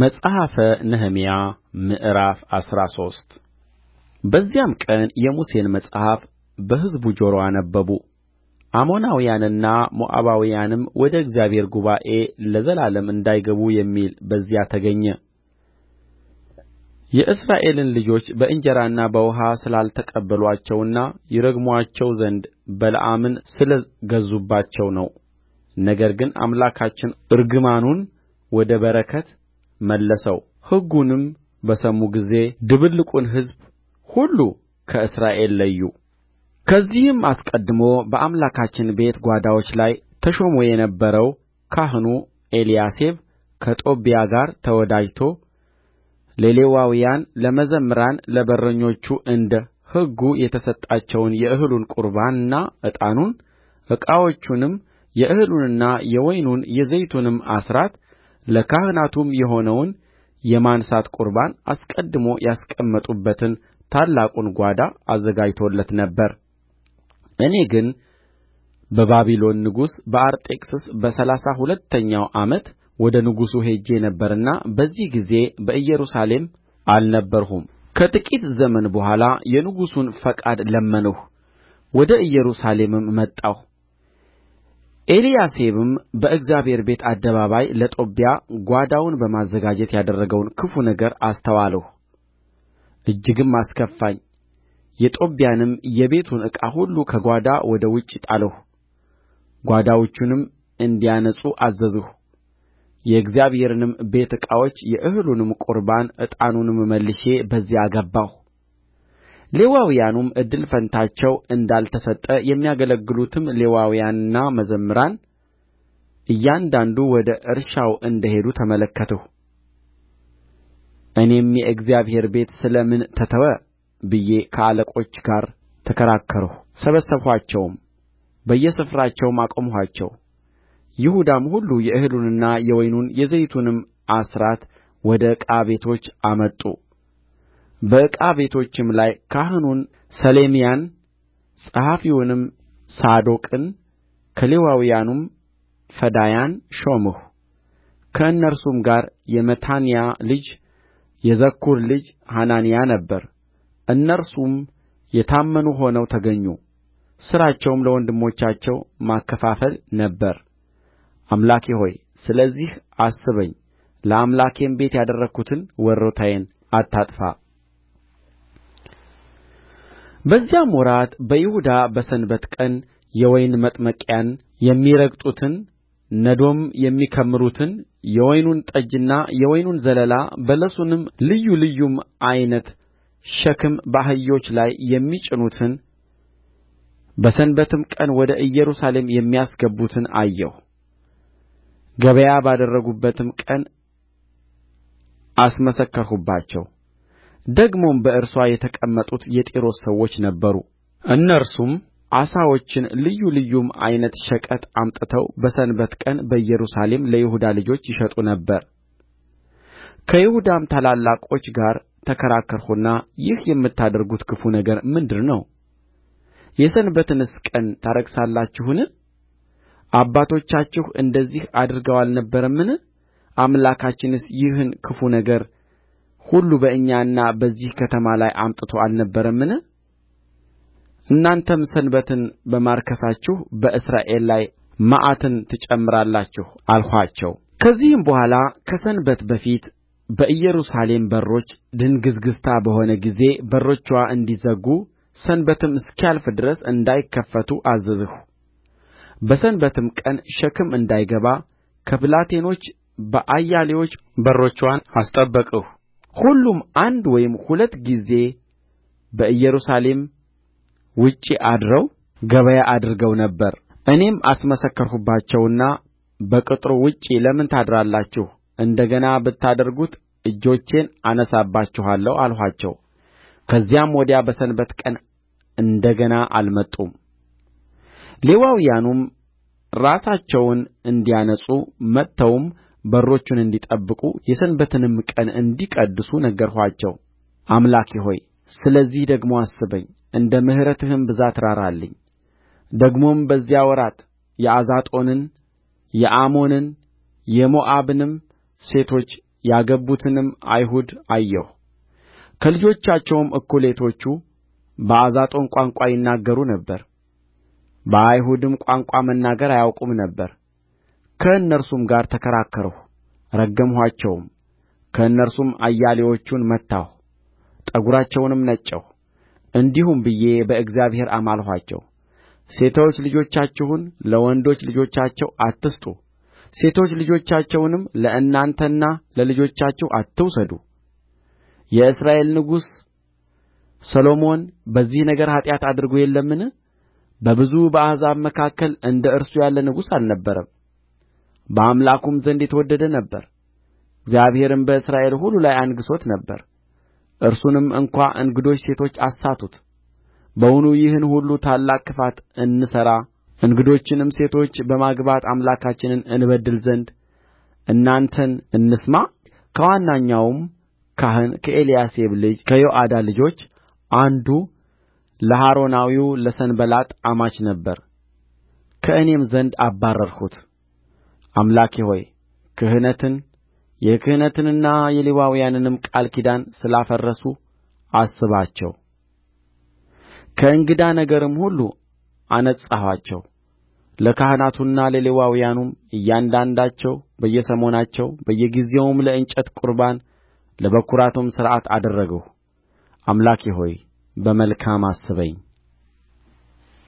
መጽሐፈ ነህምያ ምዕራፍ አስራ ሶስት በዚያም ቀን የሙሴን መጽሐፍ በሕዝቡ ጆሮ አነበቡ። አሞናውያንና ሞዓባውያንም ወደ እግዚአብሔር ጉባኤ ለዘላለም እንዳይገቡ የሚል በዚያ ተገኘ። የእስራኤልን ልጆች በእንጀራና በውኃ ስላልተቀበሉአቸውና ይረግሙአቸው ዘንድ በለዓምን ስለ ገዙባቸው ነው። ነገር ግን አምላካችን እርግማኑን ወደ በረከት መለሰው ሕጉንም በሰሙ ጊዜ ድብልቁን ሕዝብ ሁሉ ከእስራኤል ለዩ ከዚህም አስቀድሞ በአምላካችን ቤት ጓዳዎች ላይ ተሾሞ የነበረው ካህኑ ኤልያሴብ ከጦብያ ጋር ተወዳጅቶ ለሌዋውያን ለመዘምራን ለበረኞቹ እንደ ሕጉ የተሰጣቸውን የእህሉን ቍርባንና ዕጣኑን ዕቃዎቹንም የእህሉንና የወይኑን የዘይቱንም አሥራት ለካህናቱም የሆነውን የማንሣት ቍርባን አስቀድሞ ያስቀመጡበትን ታላቁን ጓዳ አዘጋጅቶለት ነበር እኔ ግን በባቢሎን ንጉሥ በአርጤክስስ በሠላሳ ሁለተኛው ዓመት ወደ ንጉሡ ሄጄ ነበርና በዚህ ጊዜ በኢየሩሳሌም አልነበርሁም። ከጥቂት ዘመን በኋላ የንጉሡን ፈቃድ ለመንሁ፣ ወደ ኢየሩሳሌምም መጣሁ። ኤልያሴብም በእግዚአብሔር ቤት አደባባይ ለጦብያ ጓዳውን በማዘጋጀት ያደረገውን ክፉ ነገር አስተዋልሁ እጅግም አስከፋኝ የጦብያንም የቤቱን ዕቃ ሁሉ ከጓዳ ወደ ውጭ ጣልሁ ጓዳዎቹንም እንዲያነጹ አዘዝሁ የእግዚአብሔርንም ቤት ዕቃዎች የእህሉንም ቍርባን ዕጣኑንም መልሼ በዚያ አገባሁ ሌዋውያኑም እድል ፈንታቸው እንዳልተሰጠ የሚያገለግሉትም ሌዋውያንና መዘምራን እያንዳንዱ ወደ እርሻው እንደ ሄዱ ተመለከትሁ እኔም የእግዚአብሔር ቤት ስለ ምን ተተወ ብዬ ከአለቆች ጋር ተከራከርሁ ሰበሰብኋቸውም በየስፍራቸውም አቆምኋቸው ይሁዳም ሁሉ የእህሉንና የወይኑን የዘይቱንም አሥራት ወደ ዕቃ ቤቶች አመጡ በዕቃ ቤቶችም ላይ ካህኑን ሰሌምያን ጸሐፊውንም ሳዶቅን ከሌዋውያኑም ፈዳያን ሾምሁ ከእነርሱም ጋር የመታንያ ልጅ የዘኩር ልጅ ሐናንያ ነበረ። እነርሱም የታመኑ ሆነው ተገኙ። ሥራቸውም ለወንድሞቻቸው ማከፋፈል ነበር። አምላኬ ሆይ ስለዚህ አስበኝ፣ ለአምላኬም ቤት ያደረግሁትን ወሮታዬን አታጥፋ በዚያም ወራት በይሁዳ በሰንበት ቀን የወይን መጥመቂያን የሚረግጡትን ነዶም የሚከምሩትን የወይኑን ጠጅና የወይኑን ዘለላ በለሱንም ልዩ ልዩም ዓይነት ሸክም በአህዮች ላይ የሚጭኑትን በሰንበትም ቀን ወደ ኢየሩሳሌም የሚያስገቡትን አየሁ። ገበያ ባደረጉበትም ቀን አስመሰከርሁባቸው ደግሞም በእርስዋ የተቀመጡት የጢሮስ ሰዎች ነበሩ እነርሱም ዓሣዎችን ልዩ ልዩም ዓይነት ሸቀጥ አምጥተው በሰንበት ቀን በኢየሩሳሌም ለይሁዳ ልጆች ይሸጡ ነበር ከይሁዳም ታላላቆች ጋር ተከራከርሁና ይህ የምታደርጉት ክፉ ነገር ምንድር ነው የሰንበትንስ ቀን ታረክሳላችሁን አባቶቻችሁ እንደዚህ አድርገው አልነበረምን አምላካችንስ ይህን ክፉ ነገር ሁሉ በእኛና በዚህ ከተማ ላይ አምጥቶ አልነበረምን እናንተም ሰንበትን በማርከሳችሁ በእስራኤል ላይ መዓትን ትጨምራላችሁ አልኋቸው ከዚህም በኋላ ከሰንበት በፊት በኢየሩሳሌም በሮች ድንግዝግዝታ በሆነ ጊዜ በሮችዋ እንዲዘጉ ሰንበትም እስኪያልፍ ድረስ እንዳይከፈቱ አዘዝሁ በሰንበትም ቀን ሸክም እንዳይገባ ከብላቴኖች በአያሌዎች በሮችዋን አስጠበቅሁ ሁሉም አንድ ወይም ሁለት ጊዜ በኢየሩሳሌም ውጭ አድረው ገበያ አድርገው ነበር እኔም አስመሰከርሁባቸውና በቅጥሩ ውጭ ለምን ታድራላችሁ እንደ ገና ብታደርጉት እጆቼን አነሣባችኋለሁ አልኋቸው ከዚያም ወዲያ በሰንበት ቀን እንደ ገና አልመጡም ሌዋውያኑም ራሳቸውን እንዲያነጹ መጥተውም በሮቹን እንዲጠብቁ የሰንበትንም ቀን እንዲቀድሱ ነገርኋቸው አምላኬ ሆይ ስለዚህ ደግሞ አስበኝ እንደ ምሕረትህም ብዛት ራራልኝ ደግሞም በዚያ ወራት የአዛጦንን የአሞንን የሞዓብንም ሴቶች ያገቡትንም አይሁድ አየሁ ከልጆቻቸውም እኵሌቶቹ በአዛጦን ቋንቋ ይናገሩ ነበር በአይሁድም ቋንቋ መናገር አያውቁም ነበር ከእነርሱም ጋር ተከራከርሁ ረገምኋቸውም ከእነርሱም አያሌዎቹን መታሁ ጠጕራቸውንም ነጨሁ እንዲሁም ብዬ በእግዚአብሔር አማልኋቸው ሴቶች ልጆቻችሁን ለወንዶች ልጆቻቸው አትስጡ ሴቶች ልጆቻቸውንም ለእናንተና ለልጆቻችሁ አትውሰዱ የእስራኤል ንጉሥ ሰሎሞን በዚህ ነገር ኃጢአት አድርጎ የለምን በብዙ አሕዛብ መካከል እንደ እርሱ ያለ ንጉሥ አልነበረም በአምላኩም ዘንድ የተወደደ ነበረ እግዚአብሔርም በእስራኤል ሁሉ ላይ አንግሦት ነበር እርሱንም እንኳ እንግዶች ሴቶች አሳቱት በውኑ ይህን ሁሉ ታላቅ ክፋት እንሠራ እንግዶችንም ሴቶች በማግባት አምላካችንን እንበድል ዘንድ እናንተን እንስማ ከዋነኛውም ካህን ከኤልያሴብ ልጅ ከዮአዳ ልጆች አንዱ ለሖሮናዊው ለሰንባላጥ አማች ነበረ ከእኔም ዘንድ አባረርሁት አምላኬ ሆይ ክህነትን የክህነትንና የሌዋውያንንም ቃል ኪዳን ስላፈረሱ አስባቸው ከእንግዳ ነገርም ሁሉ አነጻኋቸው ለካህናቱና ለሌዋውያኑም እያንዳንዳቸው በየሰሞናቸው በየጊዜውም ለእንጨት ቁርባን ለበኵራቱም ሥርዓት አደረግሁ አምላኬ ሆይ በመልካም አስበኝ